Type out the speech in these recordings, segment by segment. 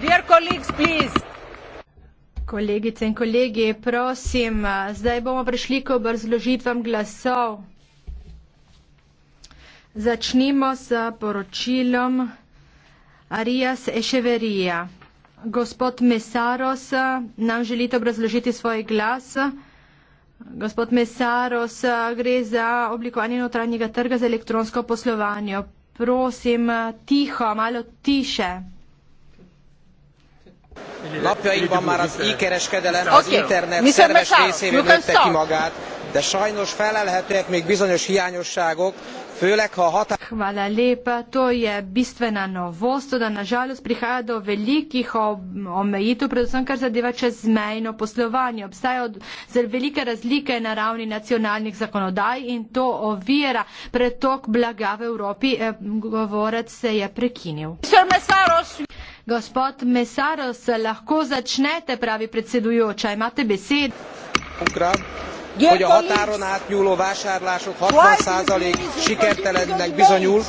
Dear colleagues, please. Kolegice in kolegi, prosim, zdaj bomo prišli k obrazložitvam glasov. Začnimo s poročilom Arias Echeverija. Gospod Mesaros, nam želite obrazložiti svoj glas? Gospod Mesaros, gre za oblikovanje notranjega trga za elektronsko poslovanje. Prosim, tiho, malo tiše. Lapjainkban már az e-kereskedelem az internet szerves részében nőtte ki magát, de sajnos felelhetőek még bizonyos hiányosságok, főleg ha a hatá... Hvala lepa, to je bistvena novost, da na žalost prihaja do velikih omejitev, predvsem kar zadeva čezmejno poslovanje. Obstajajo zelo velike razlike na ravni nacionalnih zakonodaj in to ovira pretok blaga v Evropi. Eh, govorec se je prekinil. Gospod Mesaros, lahko začnete, pravi predsedujoča, imate besed. Hogy a határon átnyúló vásárlások 60% sikertelennek bizonyul.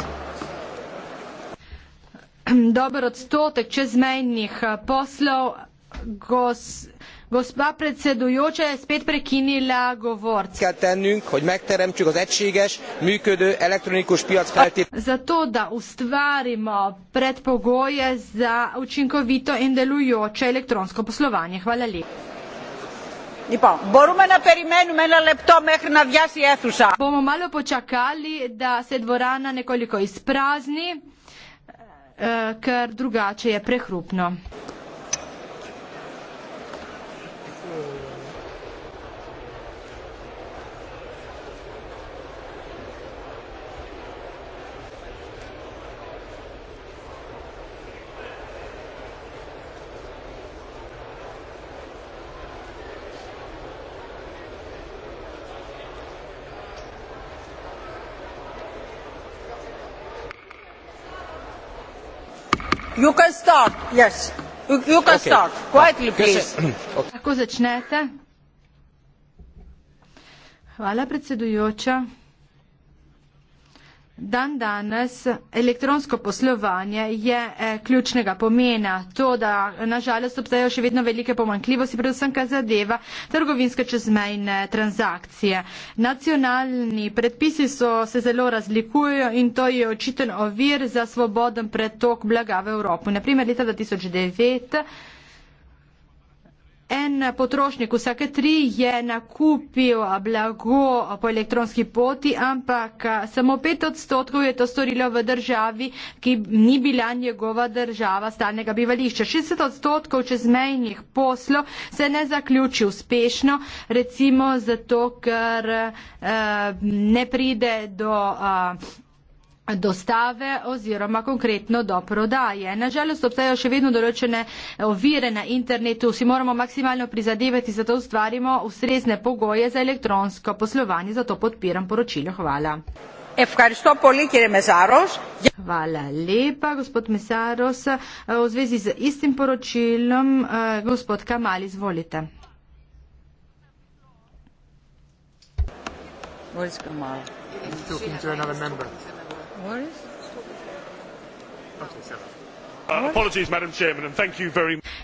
Dobro odstotek čezmejnih eh, poslov, gospod. Gospa predsedujoča je spet prekinila govor. Tennünk, hogy megteremtsük az egységes, működő elektronikus piac feltét. Zato, da ustvarimo predpogoje za učinkovito in delujoče elektronsko poslovanje. Hvala lepa. Λοιπόν, μπορούμε να περιμένουμε ένα λεπτό μέχρι να βιάσει η αίθουσα. Μπορούμε μάλλον να ποτσακάλι, να σε δωράνα νεκολικό εισπράζνει, καρ δρουγάτσε επρεχρούπνο. You can start. Yes. You can okay. start. Quietly, okay. please. Tako začnete. Hvala predsedujoča. Dan danes elektronsko poslovanje je eh, ključnega pomena. To, da nažalost obstajajo še vedno velike pomankljivosti, predvsem kar zadeva trgovinske čezmejne transakcije. Nacionalni predpisi so, se zelo razlikujejo in to je očiten ovir za svoboden pretok blaga v Evropi. Naprimer, leta 2009 en potrošnik vsake tri je nakupil blago po elektronski poti, ampak samo pet odstotkov je to storilo v državi, ki ni bila njegova država stalnega bivališča. 60 odstotkov čezmejnih poslov se ne zaključi uspešno, recimo zato, ker uh, ne pride do uh, dostave oziroma konkretno do prodaje. Nažalost, obstajajo še vedno določene ovire na internetu, si moramo maksimalno prizadevati, zato ustvarimo ustrezne pogoje za elektronsko poslovanje, zato podpiram poročilo. Hvala. Hvala lepa, gospod Mesaros. V zvezi z istim poročilom, eh, gospod Kamali, izvolite. Boris Kamal. He's still considered another member. Uh,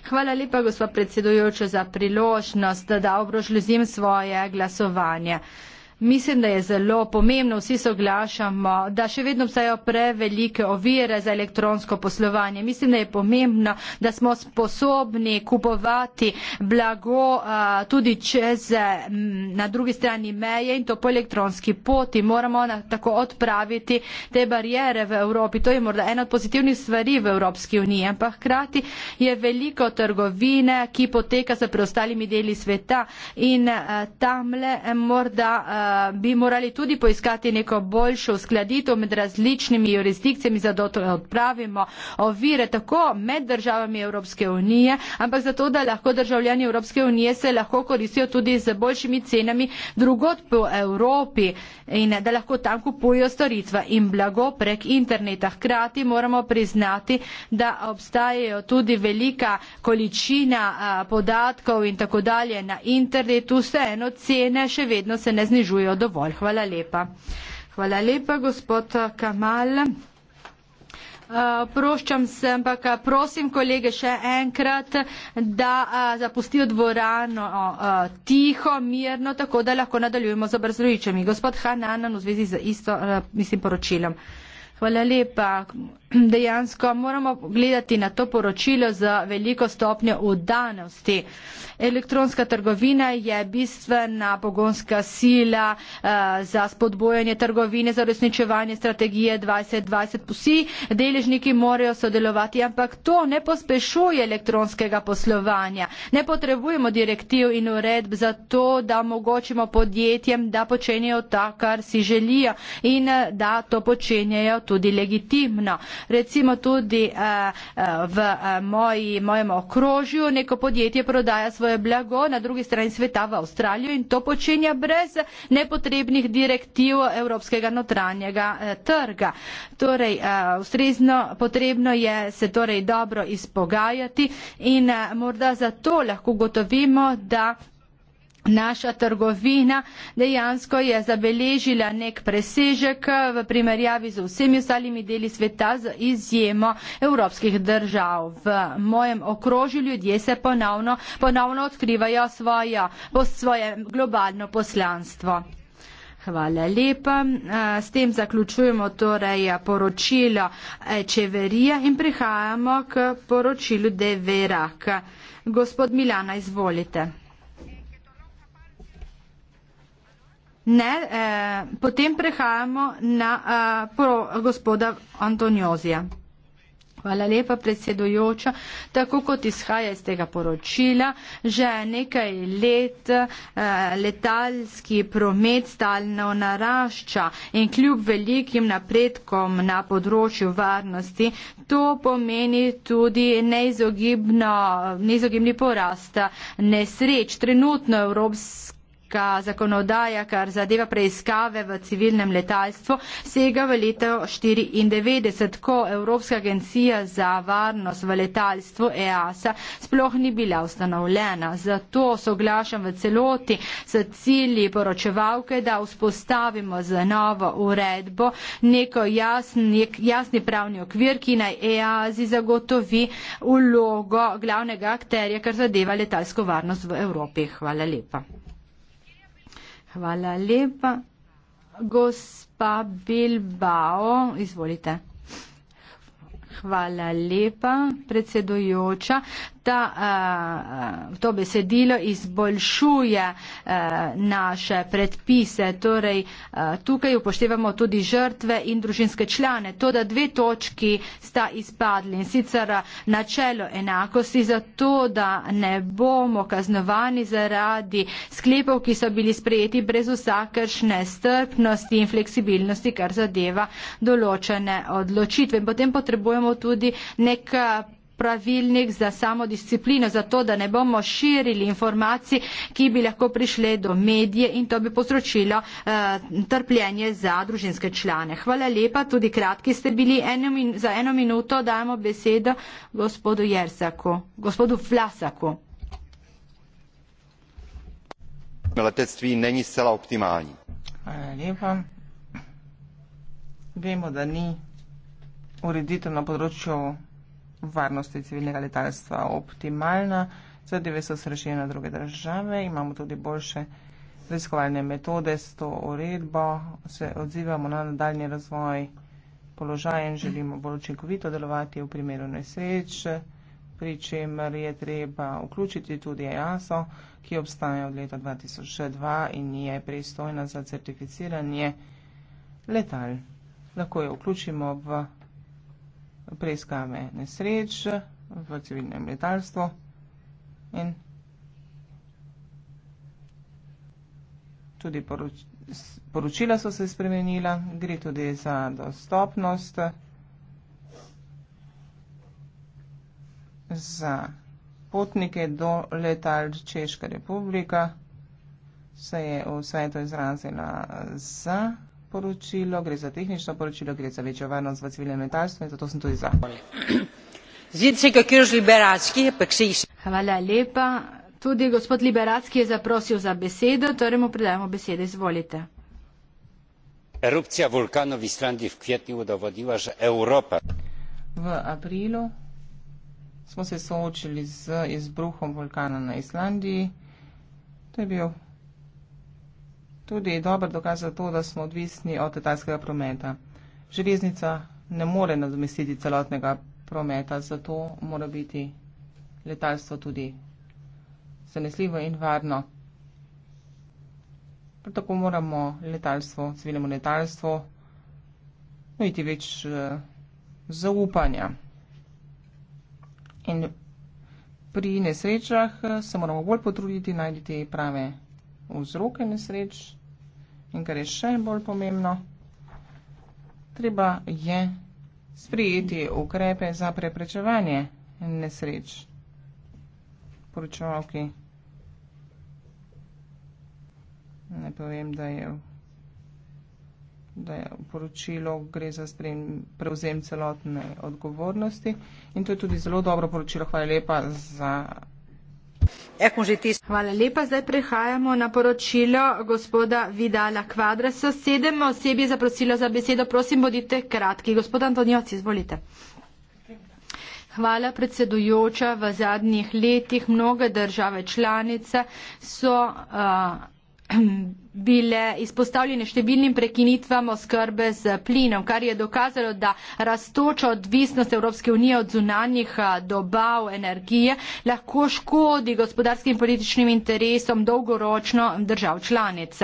Hvala lepa, gospod predsedujoč, za priložnost, da obrožljuzim svoje glasovanje. Mislim, da je zelo pomembno, vsi soglašamo, da še vedno obstajajo prevelike ovire za elektronsko poslovanje. Mislim, da je pomembno, da smo sposobni kupovati blago a, tudi čez na drugi strani meje in to po elektronski poti. Moramo na, tako odpraviti te barijere v Evropi. To je morda ena od pozitivnih stvari v Evropski uniji, ampak hkrati je veliko trgovine, ki poteka s preostalimi deli sveta in a, tamle a, morda a, Eh, bi morali tudi poiskati neko boljšo uskladitev med različnimi jurisdikcijami, zato da odpravimo ovire tako med državami Evropske unije, ampak zato, da lahko državljani Evropske unije se lahko koristijo tudi z boljšimi cenami drugot po Evropi in da lahko tam kupujo storitva in blago prek interneta. Hkrati moramo priznati, da obstajajo tudi velika količina eh, podatkov in tako dalje na internetu, vseeno cene še vedno se ne znižujejo zaslužujejo dovolj. Hvala lepa. Hvala lepa, gospod Kamal. Eh, proščam se, ampak eh, prosim kolege še enkrat, da eh, zapustijo dvorano tiho, mirno, tako da lahko nadaljujemo z obrazrovičami. Gospod Hananan v zvezi z isto, mislim, poročilom. Hvala lepa. Dejansko moramo gledati na to poročilo z veliko stopnjo udanosti. Elektronska trgovina je bistvena pogonska sila eh, za spodbojanje trgovine, za resničevanje strategije 2020. Vsi deležniki morajo sodelovati, ampak to ne pospešuje elektronskega poslovanja. Ne potrebujemo direktiv in uredb za to, da omogočimo podjetjem, da počenjajo ta, kar si želijo in eh, da to počenjajo tudi legitimno. Recimo tudi uh, v uh, moji, mojem okrožju neko podjetje prodaja svoje blago na drugi strani sveta v Avstralijo in to počenja brez nepotrebnih direktiv evropskega notranjega uh, trga. Torej, uh, ustrezno potrebno je se torej dobro izpogajati in uh, morda zato lahko gotovimo, da naša trgovina dejansko je zabeležila nek presežek v primerjavi z vsemi ostalimi deli sveta z izjemo evropskih držav. V mojem okrožju ljudje se ponovno, ponovno odkrivajo svojo, po svoje globalno poslanstvo. Hvala lepa. S tem zaključujemo torej poročilo Čeverija in prihajamo k poročilu Deverak. Gospod Milana, izvolite. Ne, eh, potem prehajamo na eh, pro, gospoda Antoniozija. Hvala lepa, predsedujoča. Tako kot izhaja iz tega poročila, že nekaj let eh, letalski promet stalno narašča in kljub velikim napredkom na področju varnosti, to pomeni tudi neizogibno, neizogibni porast nesreč. Trenutno Evropska Evropska zakonodaja, kar zadeva preiskave v civilnem letalstvu, sega v leto 1994, ko Evropska agencija za varnost v letalstvu EASA sploh ni bila ustanovljena. Zato soglašam v celoti s cilji poročevalke, da vzpostavimo z novo uredbo neko jasni, jasni pravni okvir, ki naj EASI zagotovi vlogo glavnega akterja, kar zadeva letalsko varnost v Evropi. Hvala lepa. Hvala lepa. Gospa Bilbao, izvolite. Hvala lepa, predsedujoča ta, eh, eh, to besedilo izboljšuje eh, naše predpise. Torej, tukaj upoštevamo tudi žrtve in družinske člane. To, da dve točki sta izpadli in sicer načelo enakosti za to, da ne bomo kaznovani zaradi sklepov, ki so bili sprejeti brez vsakršne strpnosti in fleksibilnosti, kar zadeva določene odločitve. Potem potrebujemo tudi neka pravilnik za samodisciplino, zato da ne bomo širili informacij, ki bi lahko prišle do medije in to bi povzročilo uh, trpljenje za družinske člane. Hvala lepa, tudi kratki ste bili. Eno za eno minuto dajemo besedo gospodu Jersaku, gospodu Flasaku. Letectví není zcela optimální. Lepa. Vemo, da ni ureditev na področju varnosti civilnega letalstva optimalna, zadeve so se rešile na druge države, imamo tudi boljše raziskovalne metode s to uredbo, se odzivamo na nadaljni razvoj položaja in želimo bolj učinkovito delovati v primeru nesreč, pri čemer je treba vključiti tudi EASO, ki obstaja od leta 2002 in je pristojna za certificiranje letal. Lahko jo vključimo v preiskave nesreč v civilnem letalstvu in tudi poročila so se spremenila, gre tudi za dostopnost, za potnike do letal Češka republika, se je v svetu izrazila za vsega, poročilo, gre za tehnično poročilo, gre za večjo varnost v civilnem letalstvu in zato sem tudi za. Hvala lepa. Tudi gospod Liberacki je zaprosil za besedo, torej mu predajamo besedo. Izvolite. Erupcija vulkanov v Islandiji v kvetni udovodila, že Evropa. V aprilu smo se soočili z izbruhom vulkana na Islandiji. To je bil tudi dober dokaz za to, da smo odvisni od letalskega prometa. Železnica ne more nadomestiti celotnega prometa, zato mora biti letalstvo tudi zanesljivo in varno. Prav tako moramo letalstvo, civilnemu letalstvu, nuditi več eh, zaupanja. In pri nesrečah eh, se moramo bolj potruditi najti prave vzroke nesreč in kar je še bolj pomembno, treba je sprijeti ukrepe za preprečevanje nesreč. Poročevalki. Ne povem, da je, da je poročilo, gre za sprem, prevzem celotne odgovornosti. In to je tudi zelo dobro poročilo. Hvala lepa za. Hvala lepa. Zdaj prehajamo na poročilo gospoda Vidala Kvadrasa. Sedem osebi je zaprosilo za besedo. Prosim, bodite kratki. Gospod Antonijoc, izvolite. Hvala predsedujoča. V zadnjih letih mnoge države članice so. Uh, bile izpostavljene številnim prekinitvam oskrbe z plinom, kar je dokazalo, da rastoča odvisnost Evropske unije od zunanjih dobav energije lahko škodi gospodarskim in političnim interesom dolgoročno držav članic.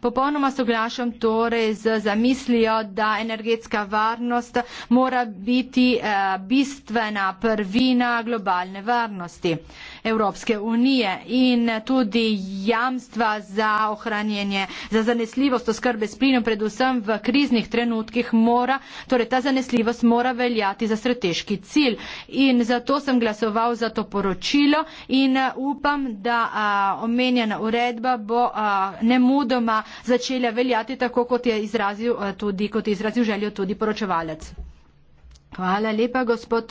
Popolnoma soglašam torej z zamislijo, da energetska varnost mora biti bistvena prvina globalne varnosti Evropske unije in tudi jamstva za ohranjenje trošenje. Za zanesljivost oskrbe s plinom predvsem v kriznih trenutkih mora, torej ta zanesljivost mora veljati za strateški cilj. In zato sem glasoval za to poročilo in uh, upam, da a, uh, omenjena uredba bo a, uh, nemudoma začela veljati tako, kot je izrazil, a, tudi, kot je izrazil željo tudi poročevalec. Hvala lepa, gospod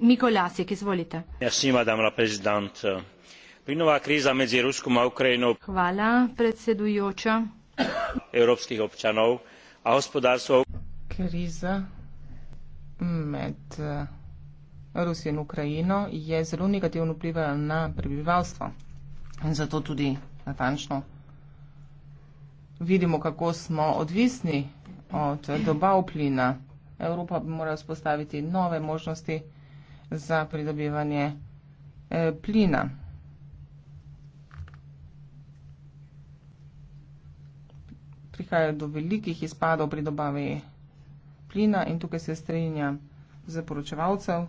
Nikolasik, izvolite. Merci, plynová kríza medzi ruskom a ukrajinou prinútila európskych občanov a hospodárstvo med eh, Rusijo in Ukrajino je zelo negativno vplivala na prebivalstvo. In zato tudi natančno vidimo, kako smo odvisni od dobav plina. Evropa bi morala vzpostaviti nove možnosti za pridobivanje eh, plina. prihaja do velikih izpadov pri dobavi plina in tukaj se strinja z poročevalcev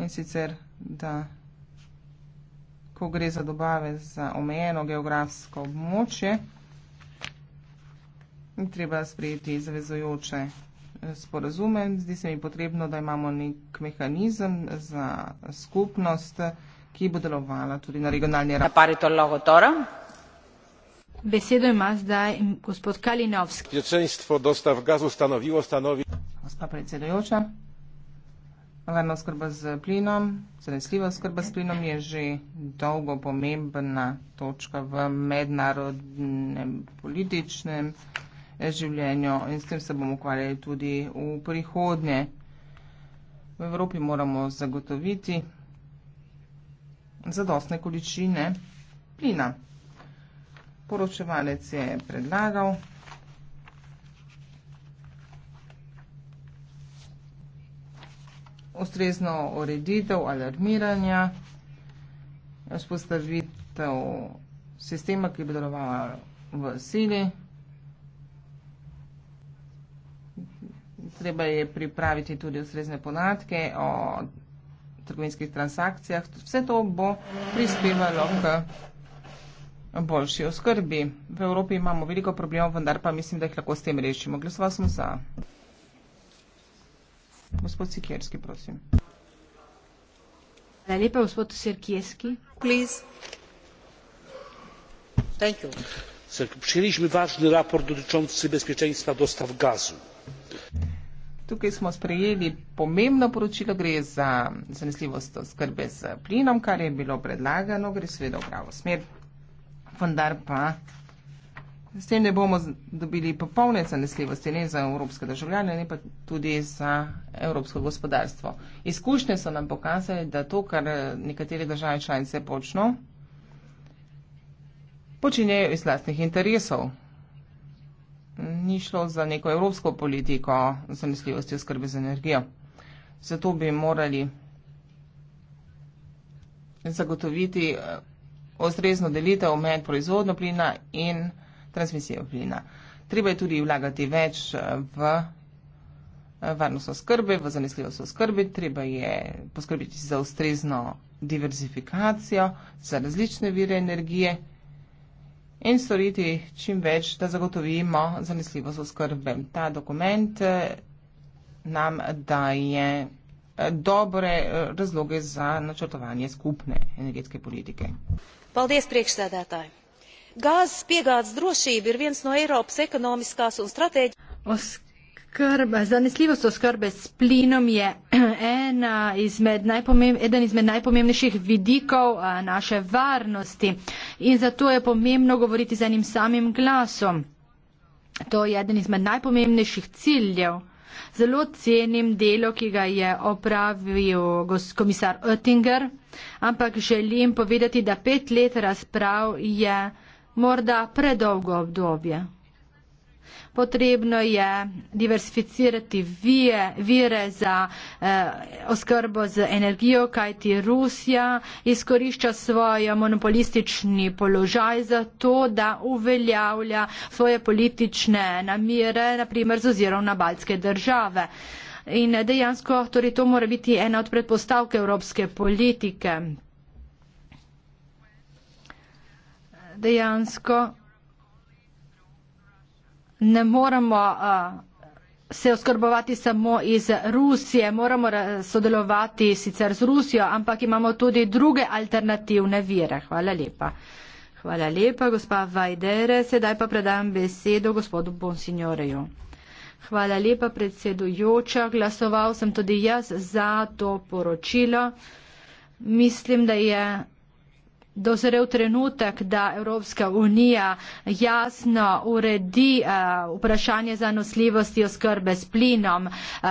in sicer, da ko gre za dobave za omejeno geografsko območje, in treba sprejeti zavezojoče eh, sporazume. Zdi se mi potrebno, da imamo nek mehanizem za skupnost, ki bo delovala tudi na regionalni ravni. Besedo ima zdaj gospod Kalinovski. Zvečenstvo dostav gazu stanovilo, stanovi. Gospa predsedujoča, varna oskrba z plinom, zanesljiva oskrba s plinom je že dolgo pomembna točka v mednarodnem političnem življenju in s tem se bomo ukvarjali tudi v prihodnje. V Evropi moramo zagotoviti zadostne količine plina poročevalec je predlagal. Ustrezno ureditev alarmiranja, vzpostavitev sistema, ki bi deloval v sili. Treba je pripraviti tudi ustrezne podatke o trgovinskih transakcijah. Vse to bo prispevalo k boljši oskrbi. V Evropi imamo veliko problemov, vendar pa mislim, da jih lahko s tem rešimo. Glasoval sem za. Gospod Sikerski, prosim. Hvala lepa, gospod Sikerski. Prosim. Hvala. važny raport dotyczący bezpieczeństwa dostaw gazu. Tukaj smo sprejeli pomembno poročilo, gre za zanesljivost oskrbe z plinom, kar je bilo predlagano, gre seveda v pravo smer vendar pa s tem ne bomo dobili popolne zanesljivosti, ne za evropske državljane, ne pa tudi za evropsko gospodarstvo. Izkušnje so nam pokazali, da to, kar nekatere države članice počno, počinjajo iz vlastnih interesov. Ni šlo za neko evropsko politiko zanesljivosti oskrbe z energijo. Zato bi morali zagotoviti ustrezno delitev med proizvodno plina in transmisijo plina. Treba je tudi vlagati več eh, v eh, varnost oskrbe, v zanesljivost oskrbe, treba je poskrbiti za ustrezno diverzifikacijo, za različne vire energije in storiti čim več, da zagotovimo zanesljivost oskrbe. Ta dokument eh, nam daje dobre razloge za načrtovanje skupne energetske politike gāzes piegādes drošība ir viens no Eiropas ekonomiskās un stratēģiskās. Zanesljivost oskrbe s plinom je ena izmed eden izmed najpomembnejših vidikov eh, naše varnosti in zato je pomembno govoriti z enim samim glasom. To je eden izmed najpomembnejših ciljev. Zelo cenim delo, ki ga je opravil komisar Oettinger, ampak želim povedati, da pet let razprav je morda predolgo obdobje potrebno je diversificirati vije, vire za eh, oskrbo z energijo, kajti Rusija izkorišča svoj monopolistični položaj za to, da uveljavlja svoje politične namire, naprimer z ozirom na baltske države. In dejansko torej to mora biti ena od predpostavk evropske politike. Dejansko ne moremo uh, se oskrbovati samo iz Rusije, moramo sodelovati sicer z Rusijo, ampak imamo tudi druge alternativne vire. Hvala lepa. Hvala lepa, gospa Vajdere. Sedaj pa predam besedo gospodu Bonsignoreju. Hvala lepa, predsedujoča. Glasoval sem tudi jaz za to poročilo. Mislim, da je dozrel trenutek, da Evropska unija jasno uredi uh, vprašanje zanosljivosti oskrbe s plinom. Uh,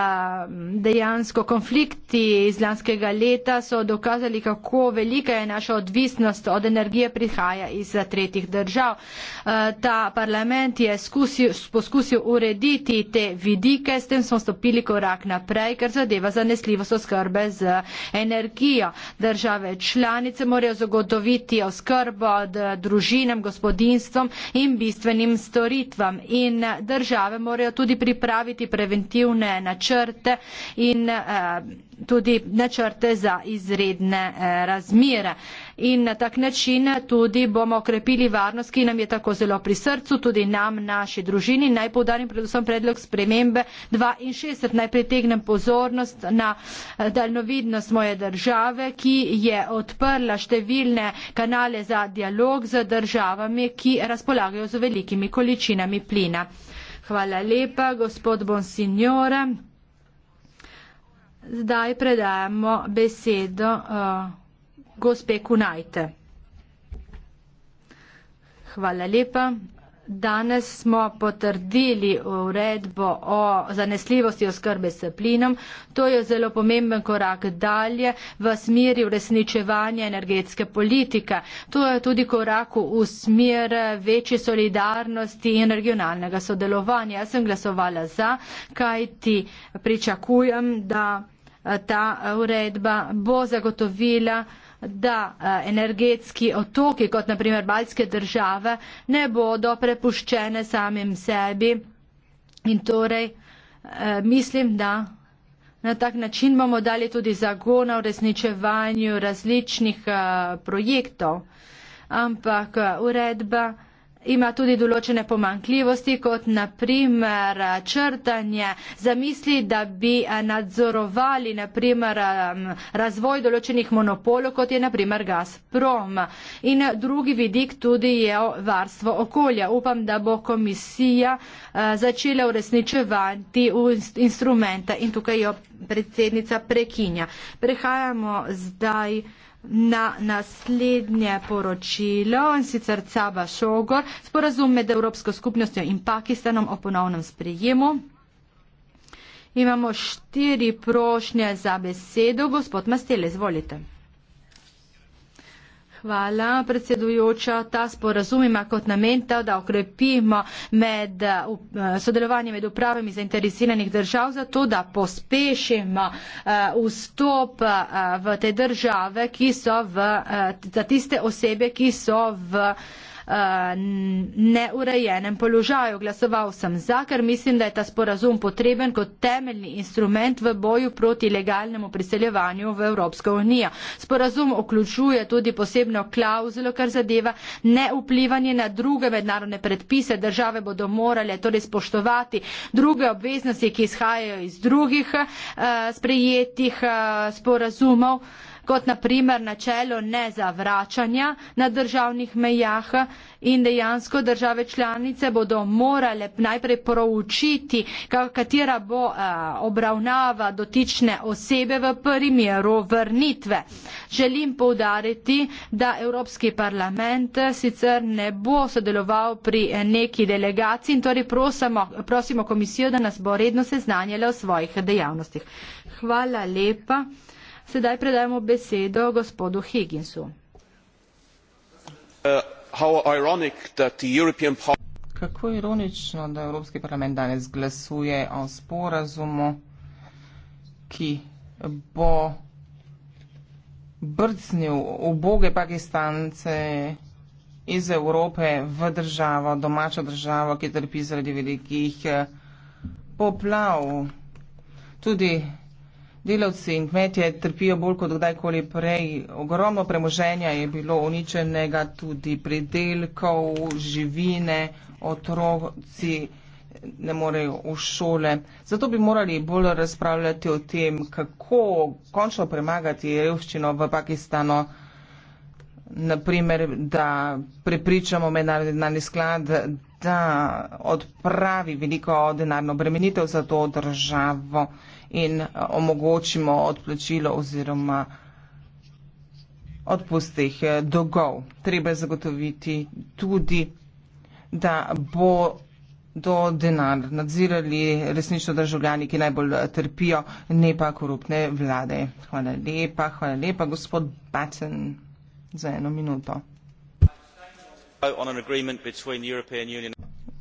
dejansko konflikti iz lanskega leta so dokazali, kako velika je naša odvisnost od energije prihaja iz eh, tretjih držav. Uh, ta parlament je skusil, poskusil urediti te vidike, s tem smo stopili korak naprej, ker zadeva zanesljivost oskrbe z energijo. Države članice morajo zagotoviti učinkoviti oskrbo eh, družinam, gospodinstvom in bistvenim storitvam. In eh, države morajo tudi pripraviti preventivne načrte in eh, tudi načrte za izredne eh, razmere in na tak način tudi bomo okrepili varnost, ki nam je tako zelo pri srcu, tudi nam, naši družini. Naj povdarim predvsem predlog spremembe 62. Naj pritegnem pozornost na eh, daljnovidnost moje države, ki je odprla številne kanale za dialog z državami, ki razpolagajo z velikimi količinami plina. Hvala lepa, gospod Bonsignor. Zdaj predajamo besedo. Uh, gospe Kunajte. Hvala lepa. Danes smo potrdili uredbo o zanesljivosti oskrbe s plinom. To je zelo pomemben korak dalje v smeri uresničevanja energetske politike. To je tudi korak v smer večje solidarnosti in regionalnega sodelovanja. Jaz sem glasovala za, kaj ti pričakujem, da ta uredba bo zagotovila da eh, energetski otoki, kot naprimer baljske države, ne bodo prepuščene samim sebi. In torej eh, mislim, da na tak način bomo dali tudi zagona v resničevanju različnih eh, projektov. Ampak uredba ima tudi določene pomankljivosti, kot naprimer eh, črtanje zamisli, da bi eh, nadzorovali naprimer razvoj določenih monopolov, kot je naprimer Gazprom. In eh, drugi vidik tudi je varstvo okolja. Upam, da bo komisija začela uresničevati instrumente in tukaj jo predsednica prekinja. Prehajamo zdaj na naslednje poročilo in sicer Caba Šogor, sporazum med Evropsko skupnostjo in Pakistanom o ponovnem sprejemu. Imamo štiri prošnje za besedo. Gospod Mastele, izvolite. Hvala, predsedujoča. Ta sporazum ima kot namen ta, da okrepimo med, uh, uh, sodelovanje med upravami zainteresiranih držav za to, da pospešimo uh, vstop v te države, ki so v, za tiste osebe, ki so v Eh, neurejenem položaju. Glasoval sem za, ker mislim, da je ta sporazum potreben kot temeljni instrument v boju proti legalnemu priseljevanju v Evropsko unijo. Sporazum vključuje tudi posebno klauzulo, kar zadeva neuplivanje na druge mednarodne predpise. Države bodo morale torej spoštovati druge obveznosti, ki izhajajo iz drugih uh, sprejetih uh, sporazumov kot naprimer načelo nezavračanja na državnih mejah in dejansko države članice bodo morale najprej proučiti, katera bo eh, obravnava dotične osebe v primeru vrnitve. Želim povdariti, da Evropski parlament eh, sicer ne bo sodeloval pri eh, neki delegaciji in torej prosimo, prosimo komisijo, da nas bo redno seznanjala o svojih dejavnostih. Hvala lepa. Sedaj predajamo besedo gospodu Higginsu. Uh, Kako ironično, da Evropski parlament danes glasuje o sporazumu, ki bo brcnil uboge Pakistance iz Evrope v državo, domačo državo, ki trpi zaradi velikih eh, poplav. Tudi Delavci in kmetje trpijo bolj kot kdajkoli prej. Ogromno premoženja je bilo uničenega, tudi predelkov, živine, otroci ne morejo v šole. Zato bi morali bolj razpravljati o tem, kako končno premagati revščino v Pakistanu. Naprimer, da prepričamo mednarodni sklad, da odpravi veliko denarno bremenitev za to državo in eh, omogočimo odplačilo oziroma odpust teh eh, dolgov. Treba je zagotoviti tudi, da bo do denar nadzirali resnično državljani, ki najbolj eh, trpijo, ne pa korupne vlade. Hvala lepa, hvala lepa, gospod Batten, za eno minuto.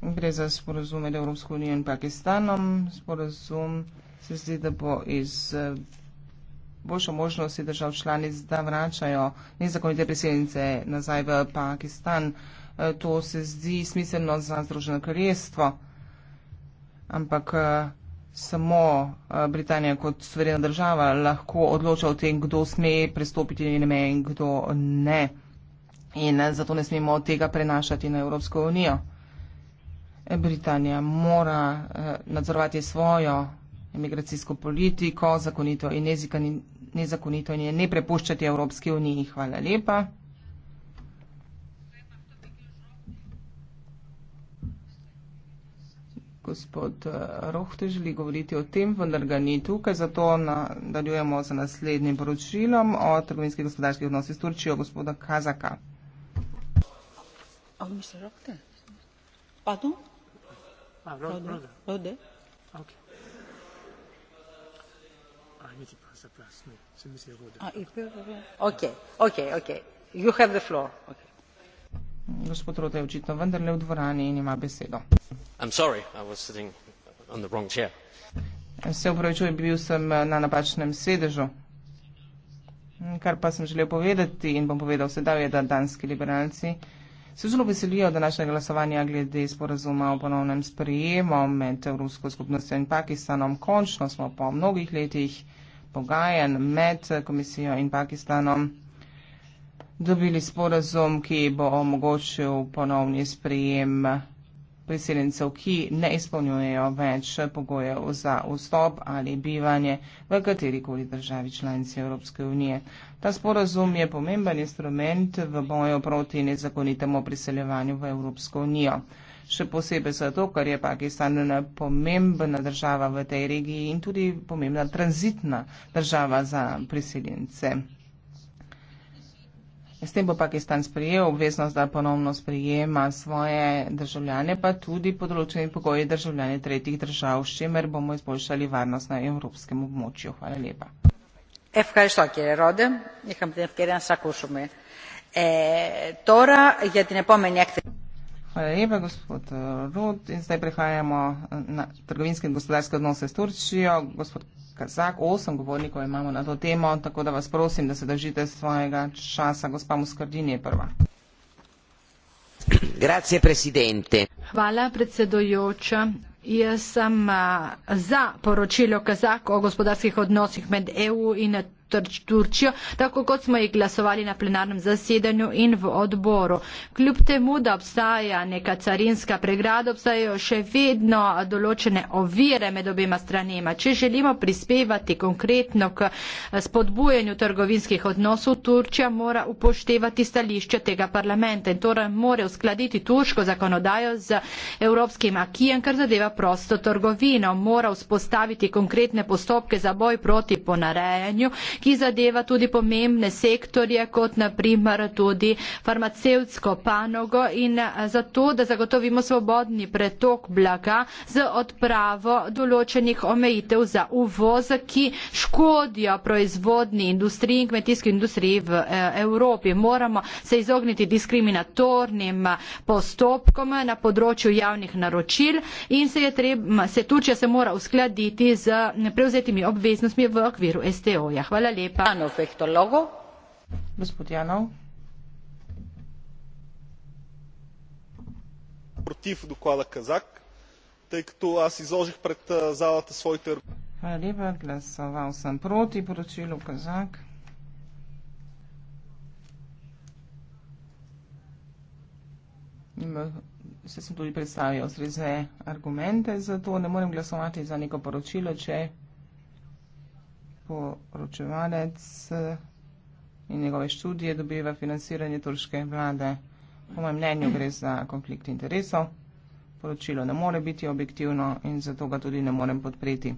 Gre za sporozum med Evropsko unijo in Pakistanom. Sporozum se zdi, da bo iz eh, boljšo možnosti držav članic, da vračajo nezakonite priseljence nazaj v Pakistan. Eh, to se zdi smiselno za Združeno kraljestvo, ampak eh, samo Britanija kot suverena država lahko odloča o tem, kdo sme prestopiti njene meje in kdo ne in zato ne smemo tega prenašati na Evropsko unijo. Britanija mora eh, nadzorovati svojo imigracijsko politiko, zakonito in nezakonito in je ne prepuščati Evropski uniji. Hvala lepa. Gospod eh, Rohte želi govoriti o tem, vendar ga ni tukaj, zato nadaljujemo z naslednjim poročilom o trgovinskih gospodarskih odnosih s Turčijo, gospoda Kazaka. Ah, Monsieur Roque. Pardon? Ah, Roque. Roque. Ok. Ah, il n'était pas à sa place, mais c'est Monsieur Roque. Ah, il peut revenir. Ok, ok, ok. You have the floor. Ok. Gospod Rode je očitno vendarle v dvorani in ima besedo. Sorry, Se upravičujem, bil sem eh, na napačnem sedežu. Kar pa sem želel povedati in bom povedal sedaj, je, da danski liberalci. Se zelo veselijo današnjega glasovanja glede sporazuma o ponovnem sprejemu med Evropsko skupnostjo in Pakistanom. Končno smo po mnogih letih pogajanj med komisijo in Pakistanom dobili sporazum, ki bo omogočil ponovni sprejem priseljencev, ki ne izpolnjujejo več pogojev za vstop ali bivanje v katerikoli državi članici Evropske unije. Ta sporazum je pomemben instrument v boju proti nezakonitemu priseljevanju v Evropsko unijo. Še posebej zato, ker je Pakistan pomembna država v tej regiji in tudi pomembna tranzitna država za priseljence. S tem bo Pakistan sprejel obveznost, da ponovno sprejema svoje državljane, pa tudi pod določeni pogoji državljane tretjih držav, s čimer bomo izboljšali varnost na evropskem območju. Hvala lepa. E, Hvala lepa, gospod eh, Rud. In zdaj prehajamo na trgovinske in gospodarske odnose s Turčijo. Gospod Kazak, osem govornikov imamo na to temo, tako da vas prosim, da se držite svojega časa. Gospa Muskardini je prva. Grazie, presidente. Hvala, predsedujoča. Jaz sem eh, za poročilo Kazak o gospodarskih odnosih med EU in Turčijo, tako kot smo jih glasovali na plenarnem zasedanju in v odboru. Kljub temu, da obstaja neka carinska pregrada, obstajajo še vedno določene ovire med obima stranima. Če želimo prispevati konkretno k eh, spodbujanju trgovinskih odnosov, Turčija mora upoštevati stališče tega parlamenta in torej mora uskladiti turško zakonodajo z evropskim akijem, kar zadeva prosto trgovino. Mora vzpostaviti konkretne postopke za boj proti ponarejanju ki zadeva tudi pomembne sektorje, kot naprimer tudi farmacevsko panogo in eh, zato, da zagotovimo svobodni pretok blaga z odpravo določenih omejitev za uvoz, ki škodijo proizvodni industriji in kmetijski industriji v eh, Evropi. Moramo se izogniti diskriminatornim eh, postopkom na področju javnih naročil in se je treba, se Turčija se mora uskladiti z prevzetimi obveznostmi v okviru STO-ja. Hvala. Hvala lepa. Gospod Janov. Protiv dokola Kazak, tej, kdo vas izložih pred eh, zavod svoj ter. Hvala lepa, glasoval sem proti poročilu Kazak. Se sem tudi predstavil srednje argumente, zato ne morem glasovati za neko poročilo, če poročevalec eh, in njegove študije dobiva financiranje turške vlade. Po mojem mnenju gre za konflikt interesov. Poročilo ne more biti objektivno in zato ga tudi ne morem podpreti.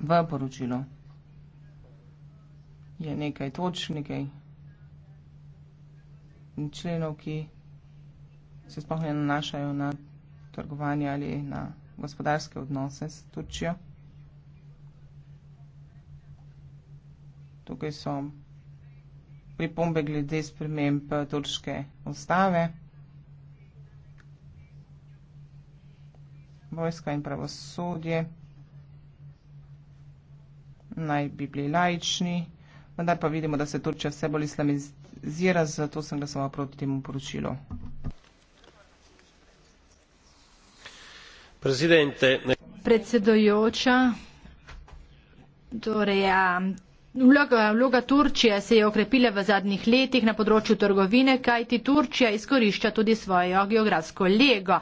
V poročilu je nekaj točk, nekaj členov, ki se spohnje nanašajo na trgovanje ali na gospodarske odnose s Turčijo. tukaj so pripombe glede sprememb eh, turške ustave. Vojska in pravosodje naj bi bili lajični, vendar pa vidimo, da se Turčja vse bolj islamizira, zato sem glasoval proti temu poročilu. Predsedujoča, torej ja, Vloga, vloga Turčije se je okrepila v zadnjih letih na področju trgovine, kajti Turčija izkorišča tudi svojo geografsko lego.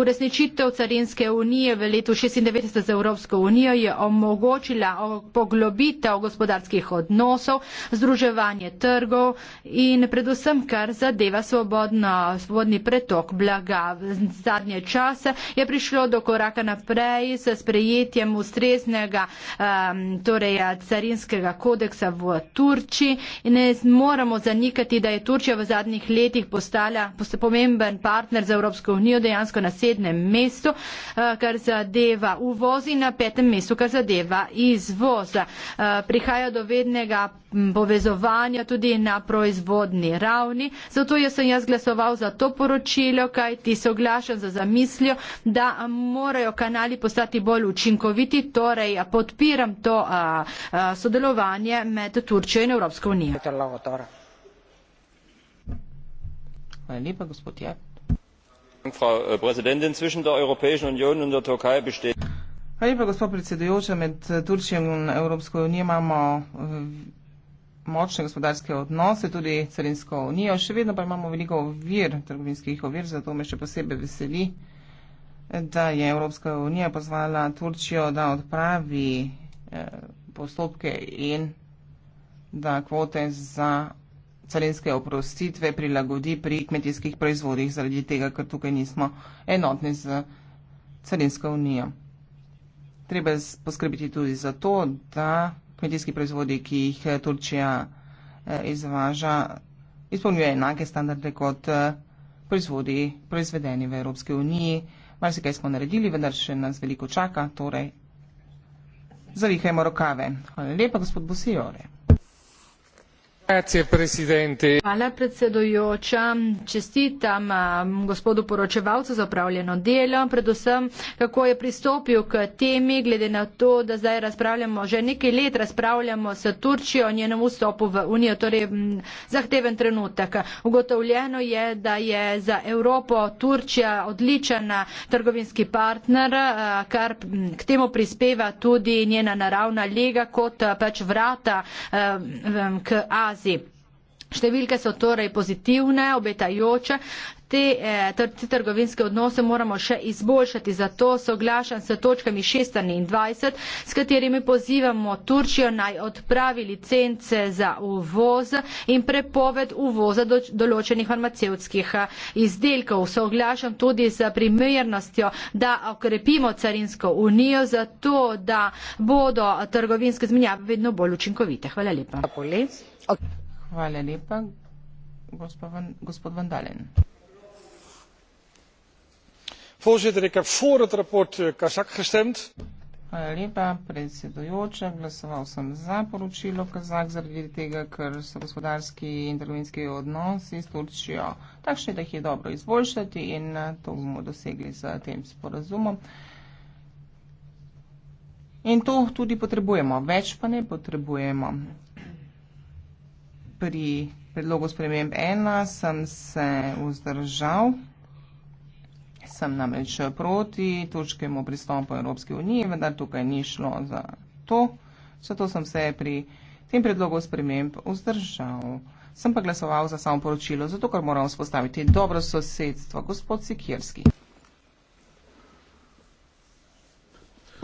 Uresničitev carinske unije v letu 1996 z Evropsko unijo je omogočila poglobitev gospodarskih odnosov, združevanje trgov in predvsem, kar zadeva svobodno, svobodni pretok blaga. Zadnje čase je prišlo do koraka naprej s sprejetjem ustreznega um, torej, carinskega kodeksa kodeksa v Turčiji in ne moramo zanikati, da je Turčija v zadnjih letih postala pomemben partner za Evropsko unijo dejansko na sednem mestu, eh, kar zadeva uvoz in na petem mestu, kar zadeva izvoz. Eh, prihaja do vednega povezovanja tudi na proizvodni ravni. Zato jaz sem jaz glasoval za to poročilo, kaj ti soglašam za zamislijo, da morajo kanali postati bolj učinkoviti, torej eh, podpiram to sodelovanje stanje med Turčijo in Evropsko unijo. Hvala lepa, gospod äh, predsedujoča. Med äh, Turčijo in Evropsko unijo imamo äh, močne gospodarske odnose, tudi carinsko unijo. Še vedno pa imamo veliko ovir, trgovinskih ovir, zato me še posebej veseli, da je Evropska unija pozvala Turčijo, da odpravi. Eh, postopke in da kvote za carinske oprostitve prilagodi pri kmetijskih proizvodih, zaradi tega, ker tukaj nismo enotni z carinsko unijo. Treba poskrbiti tudi za to, da kmetijski proizvodi, ki jih eh, Turčija eh, izvaža, izpolnjuje enake standarde kot eh, proizvodi proizvedeni v Evropski uniji. Malo se kaj smo naredili, vendar še nas veliko čaka, torej Zavihajmo rokave. Hvala lepa, gospod Bosijore. Hvala predsedujoča. Čestitam gospodu poročevalcu za upravljeno delo, predvsem kako je pristopil k temi, glede na to, da zdaj razpravljamo, že nekaj let razpravljamo s Turčijo o njenem vstopu v Unijo, torej zahteven trenutek. Ugotovljeno je, da je za Evropo Turčija odličena trgovinski partner, kar k temu prispeva tudi njena naravna lega kot pač vrata k Aziji fazi. Številke so torej pozitivne, obetajoče, Te, eh, te trgovinske odnose moramo še izboljšati. Zato soglašam s točkami 26, s katerimi pozivamo Turčijo naj odpravi licence za uvoz in prepoved uvoza do, določenih farmacevskih eh, izdelkov. Soglašam tudi z primernostjo, da okrepimo carinsko unijo, zato da bodo trgovinske zmenjave vedno bolj učinkovite. Hvala lepa. Hvala lepa, gospod Vandalen. Van voorzitter ik heb voor het verslag eh, kazak gestemd. Hvala lepa, predsedujoča. Glasoval sem za poročilo Kazak zaradi tega, ker so gospodarski in trgovinski odnosi s Turčijo takšni, da jih je dobro izboljšati in eh, to bomo dosegli z tem sporazumom. In to tudi potrebujemo, več pa ne potrebujemo. Pri predlogu sprememb ena sem se vzdržal sem namreč proti točkemu pristopu Evropske unije, vendar tukaj ni šlo za to. Zato sem se pri tem predlogu sprememb vzdržal. Sem pa glasoval za samo poročilo, zato ker moramo spostaviti dobro sosedstvo, gospod Sikirski.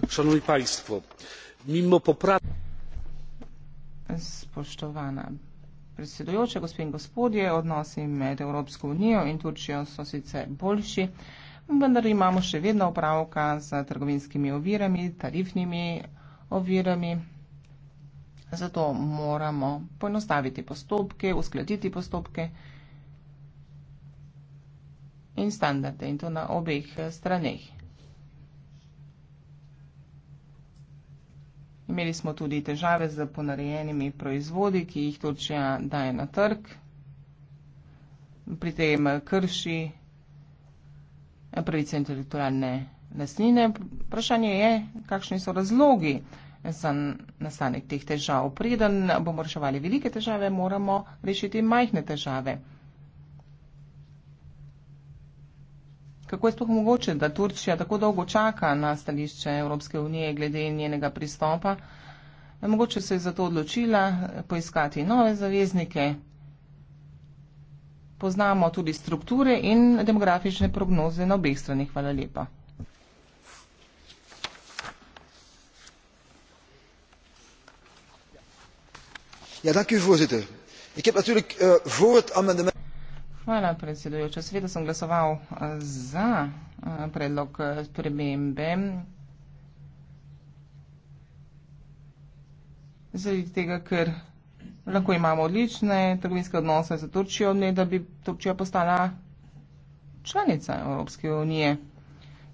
Šanovni pajstvo, mimo popravka. Spoštovana predsedujoča, gospod in gospodje, odnosi med Evropsko unijo in Turčijo so sicer boljši vendar imamo še vedno upravka z trgovinskimi ovirami, tarifnimi ovirami. Zato moramo poenostaviti postopke, uskladiti postopke in standarde in to na obeh straneh. Imeli smo tudi težave z ponarejenimi proizvodi, ki jih Turčija daje na trg. Pri tem krši pravice intelektualne lastnine. Vprašanje je, kakšni so razlogi za nastanek teh težav. Preden bomo reševali velike težave, moramo rešiti majhne težave. Kako je sploh mogoče, da Turčija tako dolgo čaka na stališče Evropske unije glede njenega pristopa? Mogoče se je zato odločila poiskati nove zaveznike, poznamo tudi strukture in demografične prognoze na obeh stranih. Hvala lepa. Ja, dankuji, voorzitter. Ik heb natuurlijk uh, voor het amendement... Hvala, predsedujoča. Sveda sem glasoval eh, za eh, predlog spremembe. Zdaj tega, ker lahko imamo odlične trgovinske odnose z Turčijo, ne da bi Turčija postala članica Evropske unije.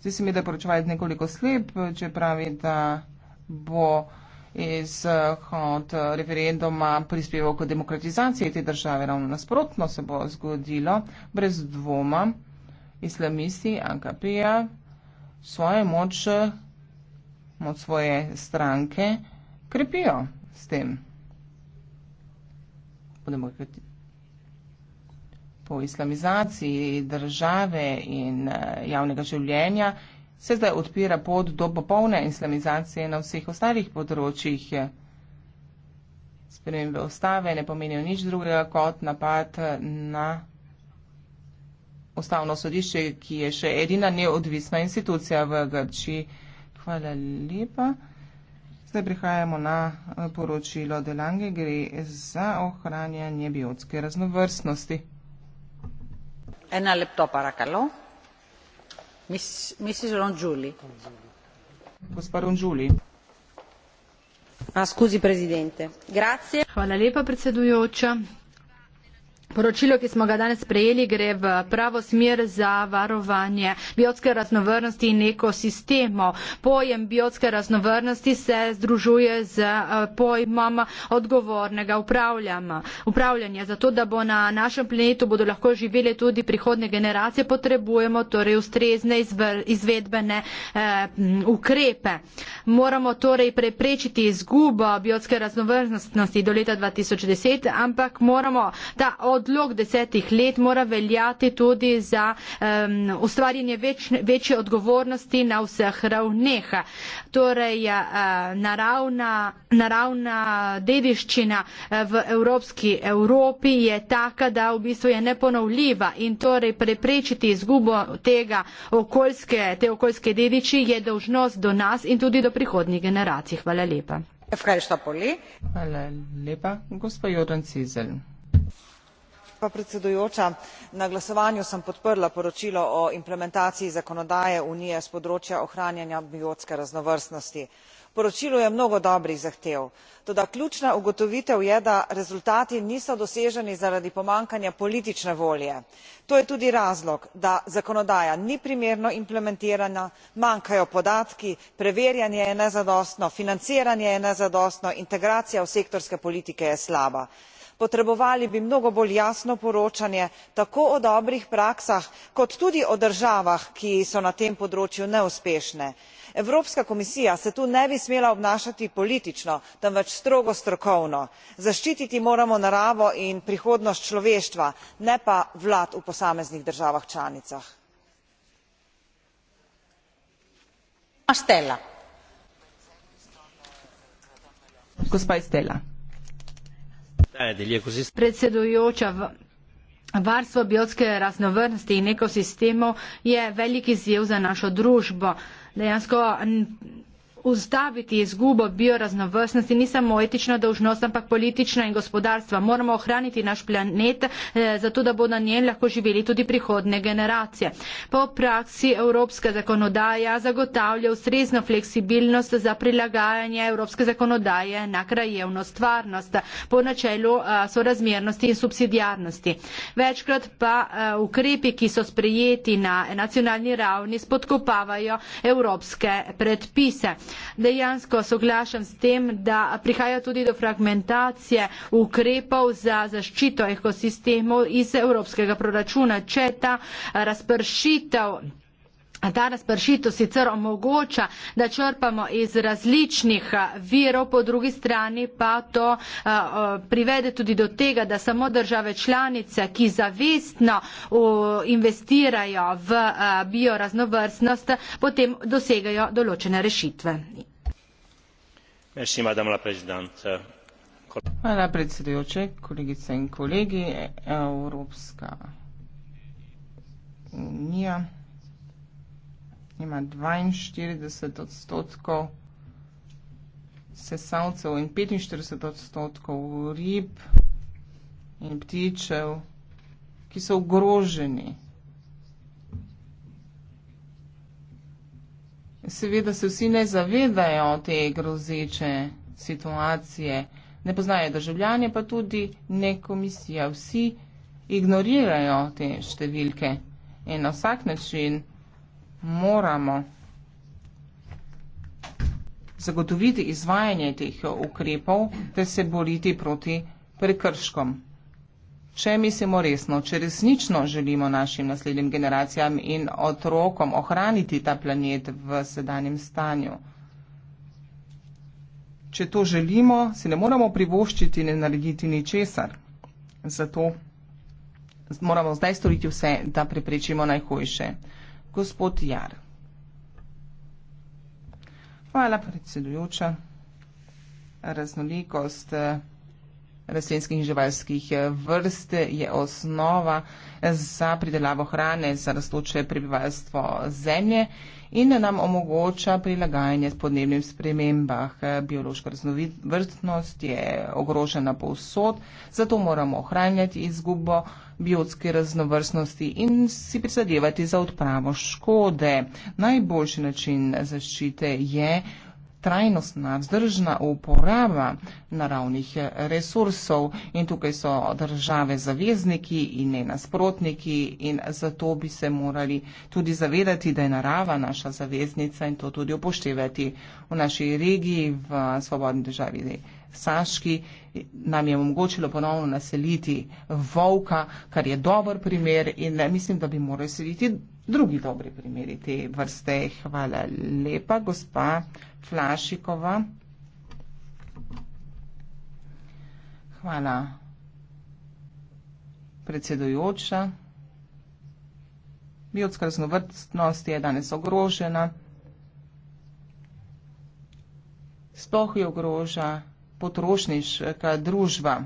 Zdaj se mi, da poročevalec nekoliko slep, če pravi, da bo iz hod referenduma prispeval k demokratizaciji te države. Ravno nasprotno se bo zgodilo, brez dvoma, islamisti AKP-ja svojo moč, moč svoje stranke krepijo s tem po demokrati, po islamizaciji države in eh, javnega življenja, se zdaj odpira pot do popolne islamizacije na vseh ostalih področjih. Spremembe ostave ne pomenijo nič drugega kot napad na ustavno sodišče, ki je še edina neodvisna institucija v Grči. Hvala lepa. Zdaj prihajamo na eh, poročilo Delange, gre za ohranjanje biotske raznovrstnosti. Ah, Hvala lepa, predsedujoča. Poročilo, ki smo ga danes prejeli, gre v pravo smer za varovanje biotske raznovrnosti in ekosistemov. Pojem biotske raznovrnosti se združuje z eh, pojmom odgovornega upravljanja. Zato, da bo na našem planetu bodo lahko živeli tudi prihodne generacije, potrebujemo torej ustrezne izvedbene eh, ukrepe. Moramo torej preprečiti izgubo biotske raznovrnosti do leta 2010, ampak moramo ta odgovornost odlog desetih let mora veljati tudi za um, ustvarjanje več, večje odgovornosti na vseh ravneh. Torej, uh, naravna, naravna dediščina eh, v Evropski Evropi je taka, da v bistvu je neponovljiva in torej preprečiti izgubo tega okoljske, te okoljske dediči je dožnost do nas in tudi do prihodnjih generacij. Hvala lepa. Hvala lepa, gospod Jordan Cizel na glasovanju sem podprla poročilo o implementaciji zakonodaje unije s področja ohranjanja biotske raznovrstnosti. poročilo je mnogo dobrih zahtev toda ključna ugotovitev je da rezultati niso doseženi zaradi pomanjkanja politične volje. to je tudi razlog da zakonodaja ni primerno implementirana manjkajo podatki preverjanje je nezadostno financiranje je nezadostno integracija v sektorske politike je slaba potrebovali bi mnogo bolj jasno poročanje tako o dobrih praksah kot tudi o državah ki so na tem področju neuspešne. evropska komisija se tu ne bi smela obnašati politično temveč strogo strokovno zaščititi moramo naravo in prihodnost človeštva ne pa vlad v posameznih državah članicah obstaja degli ekosistemi. Predsedujoča, varstvo biotske raznovrnosti in ekosistemov je velik izjev za našo družbo. Dejansko ustaviti izgubo bioraznovrstnosti ni samo etična dožnost, ampak politična in gospodarstva. Moramo ohraniti naš planet, eh, zato da bo na njen lahko živeli tudi prihodne generacije. Po praksi evropska zakonodaja zagotavlja ustrezno fleksibilnost za prilagajanje evropske zakonodaje na krajevno stvarnost po načelu eh, sorazmernosti in subsidijarnosti. Večkrat pa eh, ukrepi, ki so sprejeti na nacionalni ravni, spodkopavajo evropske predpise. Yeah dejansko soglašam s tem, da prihaja tudi do fragmentacije ukrepov za zaščito ekosistemov iz evropskega proračuna. Če ta razpršitev Ta razpršitev sicer omogoča, da črpamo iz različnih virov, po drugi strani pa to uh, privede tudi do tega, da samo države članice, ki zavestno uh, investirajo v uh, bioraznovrstnost, potem dosegajo določene rešitve. Merci, Hvala predsedujoče, kolegice in kolegi, Evropska unija ima 42 odstotkov sesalcev in 45 odstotkov rib in ptičev, ki so ogroženi. Seveda se vsi ne zavedajo te grozeče situacije, ne poznajo državljanje, pa tudi ne komisija. Vsi ignorirajo te številke in na vsak način moramo zagotoviti izvajanje teh ukrepov, te se boriti proti prekrškom. Če mislimo resno, če resnično želimo našim naslednjim generacijam in otrokom ohraniti ta planet v sedanjem stanju, če to želimo, si ne moramo privoščiti in narediti ničesar. Zato moramo zdaj storiti vse, da preprečimo najhujše gospod Jar. Hvala, predsedujoča. Raznolikost eh, rastlinskih in živalskih eh, vrst je osnova eh, za pridelavo hrane za rastoče prebivalstvo zemlje in nam omogoča prilagajanje s podnebnim spremembah. Biološka raznovrstnost je ogrožena povsod, zato moramo ohranjati izgubo biotske raznovrstnosti in si prizadevati za odpravo škode. Najboljši način zaščite je trajnostna, vzdržna uporaba naravnih resursov in tukaj so države zavezniki in ne nasprotniki in zato bi se morali tudi zavedati, da je narava naša zaveznica in to tudi upoštevati v naši regiji, v svobodni državi. Saški nam je omogočilo ponovno naseliti volka, kar je dober primer in mislim, da bi morali seliti drugi dobri primeri te vrste. Hvala lepa, gospa Flašikova. Hvala, predsedujoča. Biotska raznovrstnost je danes ogrožena. Sploh jo ogroža potrošniška družba.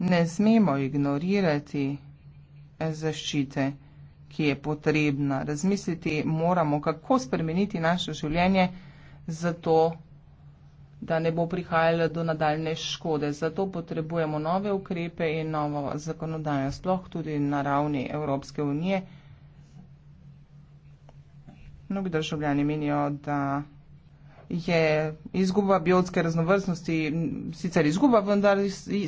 ne smemo ignorirati zaščite, ki je potrebna. Razmisliti moramo, kako spremeniti naše življenje, zato, da ne bo prihajalo do nadaljne škode. Zato potrebujemo nove ukrepe in novo zakonodajo, sploh tudi na ravni Evropske unije. Mnogi državljani menijo, da je izguba biotske raznovrstnosti sicer izguba, vendar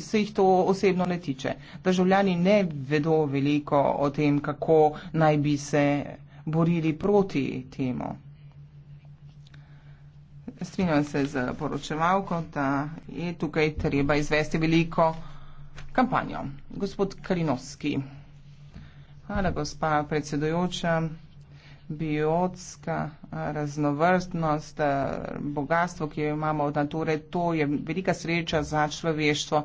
se jih to osebno ne tiče. Državljani ne vedo veliko o tem, kako naj bi se borili proti temu. Strinjam se z poročevalko, da je tukaj treba izvesti veliko kampanjo. Gospod Kalinovski. Hvala, gospa predsedujoča biotska raznovrstnost, eh, bogatstvo, ki jo imamo od nature, to je velika sreča za človeštvo.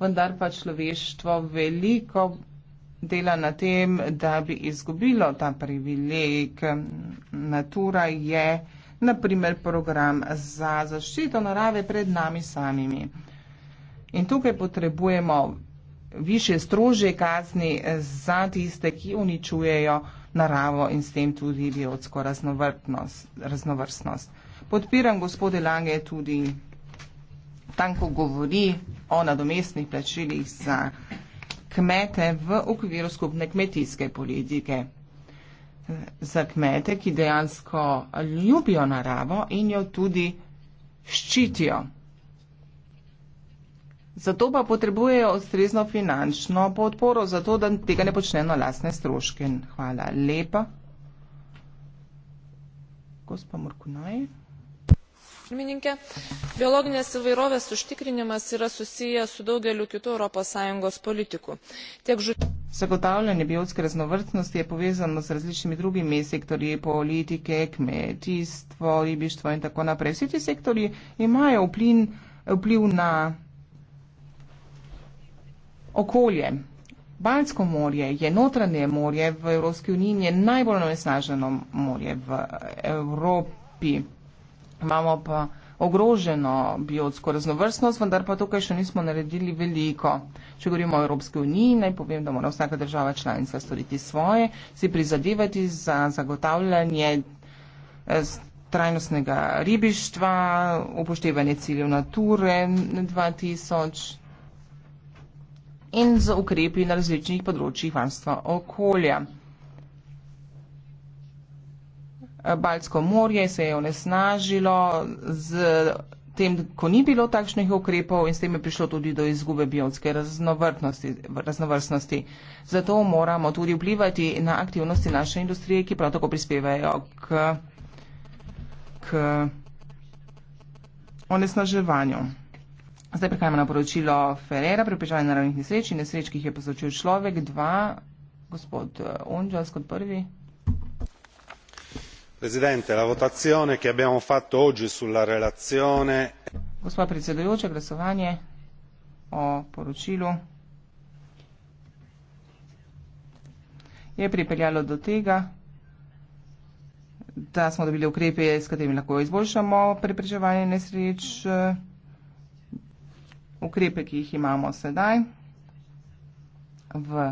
Vendar pa človeštvo veliko dela na tem, da bi izgubilo ta privilegij. Natura je, naprimer, program za zaščito narave pred nami samimi. In tukaj potrebujemo više, strožje kazni za tiste, ki uničujejo naravo in s tem tudi biotsko raznovrstnost. Podpiram gospode Lange tudi tam, ko govori o nadomestnih plačilih za kmete v okviru skupne kmetijske politike. Za kmete, ki dejansko ljubijo naravo in jo tudi ščitijo. Mm zato pa potrebujejo ustrezno finančno podporo, zato da tega ne počnejo na lasne stroške. Hvala lepa. Gospa Morkunaj. Pirmininkė, biologinės įvairovės užtikrinimas yra susijęs su daugeliu kitų ES politikų. Zagotavljanje ži... biotske raznovrstnosti je povezano z različnimi drugimi sektorji, politike, kmetijstvo, ribištvo in tako naprej. Vsi ti sektori imajo vplin, vpliv na Okolje. Balsko morje je notranje morje v Evropski uniji in je najbolj onesnaženo morje v Evropi. Imamo pa ogroženo biotsko raznovrstnost, vendar pa tukaj še nismo naredili veliko. Če govorimo o Evropski uniji, naj povem, da mora vsaka država članica storiti svoje, si prizadevati za zagotavljanje eh, trajnostnega ribištva, upoštevanje ciljev nature 2000 in z ukrepi na različnih področjih varstva okolja. Baltsko morje se je onesnažilo z tem, ko ni bilo takšnih ukrepov in s tem je prišlo tudi do izgube biotske raznovrstnosti. Zato moramo tudi vplivati na aktivnosti naše industrije, ki prav tako prispevajo k, k onesnaževanju. Zdaj prihajamo na poročilo Ferrera, pripričevanje naravnih nesreč in nesreč, ki jih je povzročil človek. Dva, gospod eh, Onžas kot prvi. Presidente, la votazione, ki abbiamo fatto oggi sulla relazione. Gospod predsedujoče, glasovanje o poročilu je pripeljalo do tega, da smo dobili ukrepe, s katerimi lahko izboljšamo pripričevanje nesreč. Eh, ukrepe, ki jih imamo sedaj v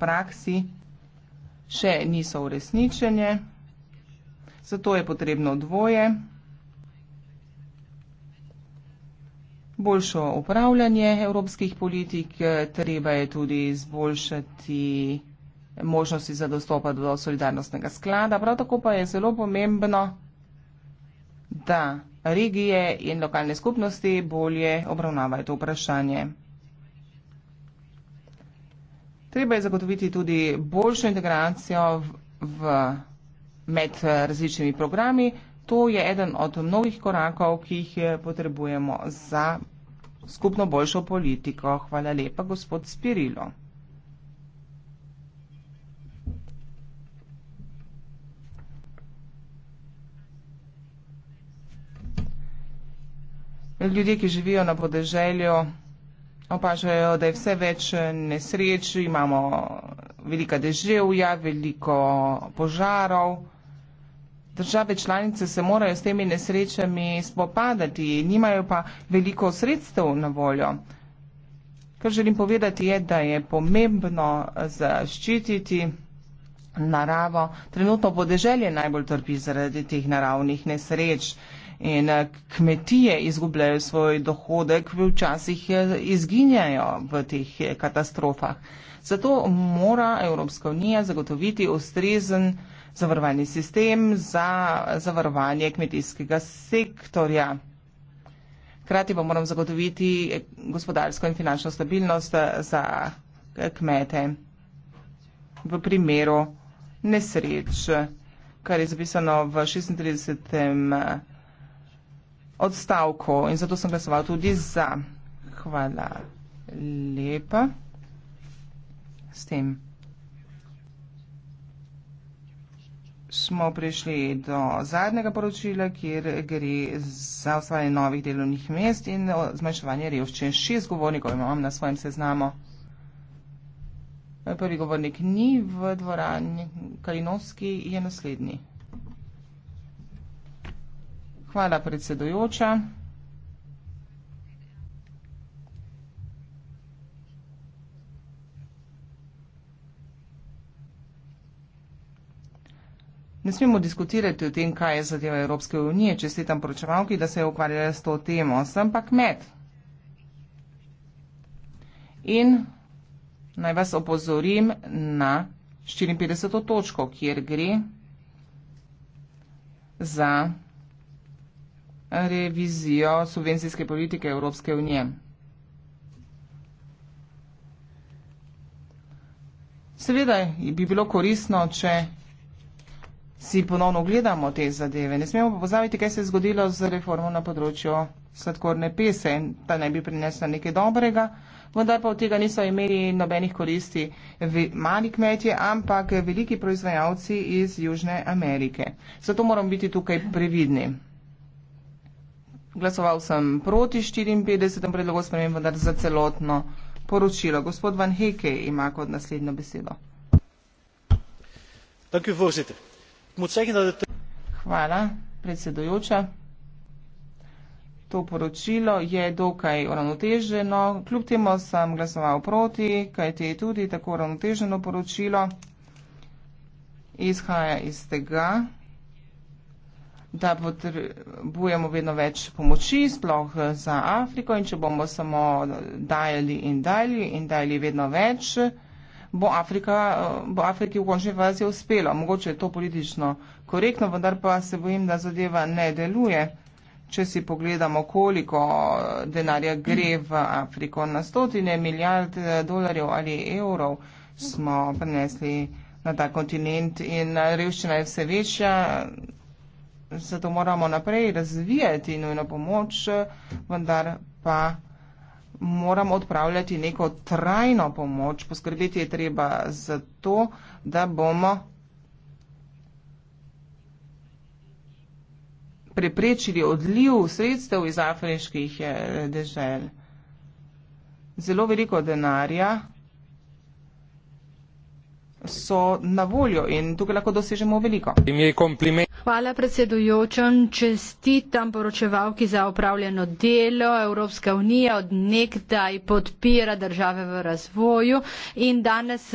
praksi, še niso uresničene, zato je potrebno dvoje, boljšo upravljanje evropskih politik, treba je tudi izboljšati možnosti za dostop do solidarnostnega sklada, prav tako pa je zelo pomembno, da regije in lokalne skupnosti bolje obravnavajo to vprašanje. Treba je zagotoviti tudi boljšo integracijo v, v, med različnimi programi. To je eden od mnogih korakov, ki jih eh, potrebujemo za skupno boljšo politiko. Hvala lepa, gospod Spirilo. Ljudje, ki živijo na podeželju, opažajo, da je vse več eh, nesreč, imamo velika deževja, veliko požarov. Države članice se morajo s temi nesrečami spopadati, nimajo pa veliko sredstev na voljo. Kar želim povedati je, da je pomembno zaščititi naravo. Trenutno podeželje najbolj trpi zaradi teh naravnih nesreč in eh, kmetije izgubljajo svoj dohodek, včasih eh, izginjajo v teh eh, katastrofah. Zato mora Evropska unija zagotoviti ustrezen zavarovalni sistem za zavarovanje kmetijskega sektorja. Hkrati pa moram zagotoviti gospodarsko in finančno stabilnost za kmete v primeru nesreč, kar je zapisano v 36 odstavku in zato sem glasoval tudi za. Hvala lepa. S tem smo prišli do zadnjega poročila, kjer gre za ustvarjanje novih delovnih mest in zmanjševanje revščine. Šest govornikov imam na svojem seznamu. Prvi govornik ni v dvorani, Kalinovski je naslednji. Hvala, predsedujoča. Ne smemo diskutirati o tem, kaj je zadeva Evropske unije, če ste tam poročevalki, da se je ukvarjala s to temo. Sem pa kmet. In naj vas opozorim na 54. točko, kjer gre za revizijo subvencijske politike Evropske unije. Seveda bi bilo korisno, če si ponovno gledamo te zadeve. Ne smemo pa pozaviti, kaj se je zgodilo z reformo na področju sladkorne pese in ta ne bi prinesla nekaj dobrega, vendar pa od tega niso imeli nobenih koristi mali kmetje, ampak veliki proizvajalci iz Južne Amerike. Zato moramo biti tukaj previdni. Glasoval sem proti 54. predlogu sprememb, vendar za celotno poročilo. Gospod Van Heke ima kot naslednjo besedo. Dank u, voorzitter. Ik moet zeggen dat het... Hvala, predsedujoča. To poročilo je dokaj uravnoteženo. Kljub temu sem glasoval proti, kaj te je tudi tako uravnoteženo poročilo. Izhaja iz tega da potrebujemo vedno več pomoči, sploh eh, za Afriko in če bomo samo dajali in dajali in dajali vedno več, bo, Afrika, eh, bo Afriki v končni fazi uspelo. Mogoče je to politično korektno, vendar pa se bojim, da zadeva ne deluje. Če si pogledamo, koliko eh, denarja gre v Afriko, na stotine milijard dolarjev ali evrov smo prenesli na ta kontinent in revščina je vse večja zato moramo naprej razvijati nujno pomoč, vendar pa moramo odpravljati neko trajno pomoč. Poskrbeti je treba za to, da bomo preprečili odliv sredstev iz afriških eh, dežel. Zelo veliko denarja so na voljo in tukaj lahko dosežemo veliko. Hvala predsedujočem, čestitam poročevalki za upravljeno delo. Evropska unija od nekdaj podpira države v razvoju in danes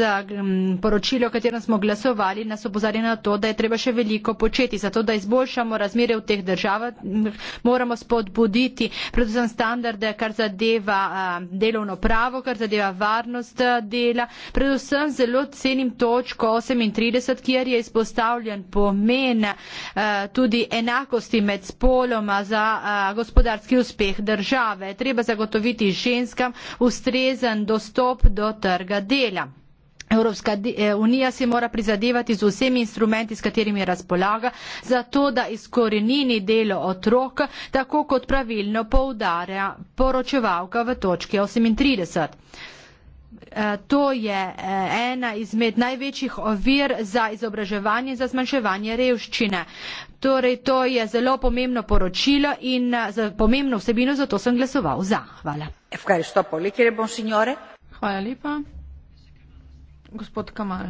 poročilo, o katerem smo glasovali, nas opozarja na to, da je treba še veliko početi. Zato, da izboljšamo razmere v teh državah, moramo spodbuditi predvsem standarde, kar zadeva delovno pravo, kar zadeva varnost dela. Predvsem zelo cenim točko 38, kjer je izpostavljen pomen Eh, tudi enakosti med spoloma za eh, gospodarski uspeh države. Treba zagotoviti ženskam ustrezen dostop do trga dela. Evropska eh, unija si mora prizadevati z vsemi instrumenti, s katerimi razpolaga, zato da izkorenini delo otrok, tako kot pravilno poudarja poročevalka v točki 38. Eh, to je eh, ena izmed največjih ovir za izobraževanje in za zmanjševanje revščine. Torej, to je zelo pomembno poročilo in eh, za pomembno vsebino, zato sem glasoval za. Hvala. Hvala lepa. Gospod Kamal.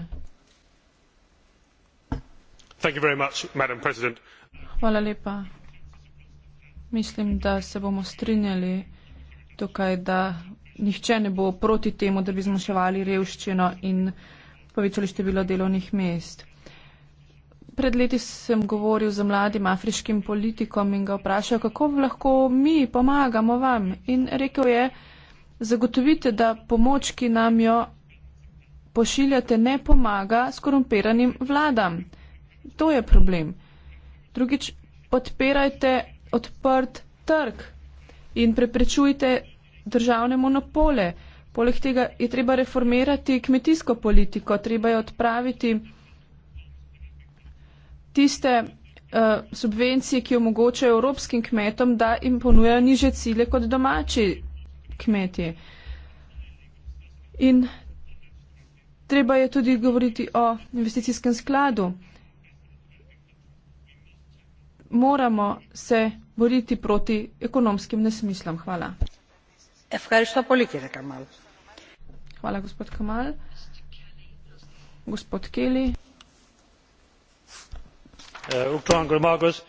Hvala lepa. Mislim, da se bomo strinjali tukaj, da nihče ne bo proti temu, da bi zmanjševali revščino in povečali število delovnih mest. Pred leti sem govoril z mladim afriškim politikom in ga vprašal, kako lahko mi pomagamo vam. In rekel je, zagotovite, da pomoč, ki nam jo pošiljate, ne pomaga skorumpiranim vladam. To je problem. Drugič, podpirajte odprt trg in preprečujte državne monopole. Poleg tega je treba reformirati kmetijsko politiko, treba je odpraviti tiste uh, subvencije, ki omogočajo evropskim kmetom, da jim ponujajo niže cilje kot domači kmetje. In treba je tudi govoriti o investicijskem skladu. Moramo se boriti proti ekonomskim nesmislam. Hvala uachtarán go maith agat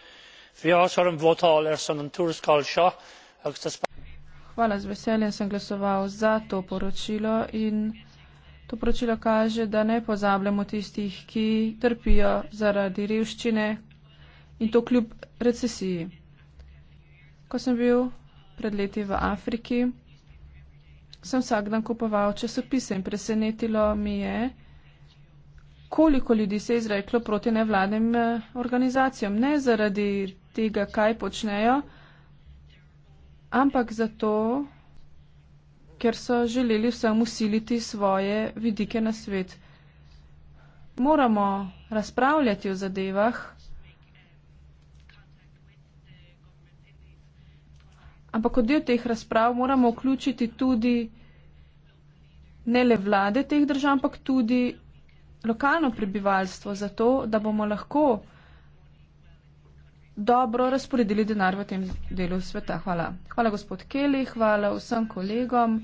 bhí áthas orm vótáil ar son an tuarascáil seo agus tá spás. Chvála s veseliem som glasoval za to poročilo in to poročilo kaže, da ne pozabljamo tistih, ki trpijo zaradi revščine in to kljub recesiji. Ko sem bil pred leti v Afriki, sem vsak dan kupoval časopise in presenetilo mi je, koliko ljudi se je izreklo proti nevladnim eh, organizacijam. Ne zaradi tega, kaj počnejo, ampak zato, ker so želeli vsem usiliti svoje vidike na svet. Moramo razpravljati o zadevah. ampak kot del teh razprav moramo vključiti tudi ne le vlade teh držav, ampak tudi lokalno prebivalstvo, zato da bomo lahko dobro razporedili denar v tem delu sveta. Hvala. Hvala gospod Keli, hvala vsem kolegom.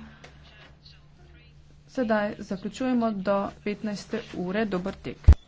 Sedaj zaključujemo do 15. ure. Dobar tek.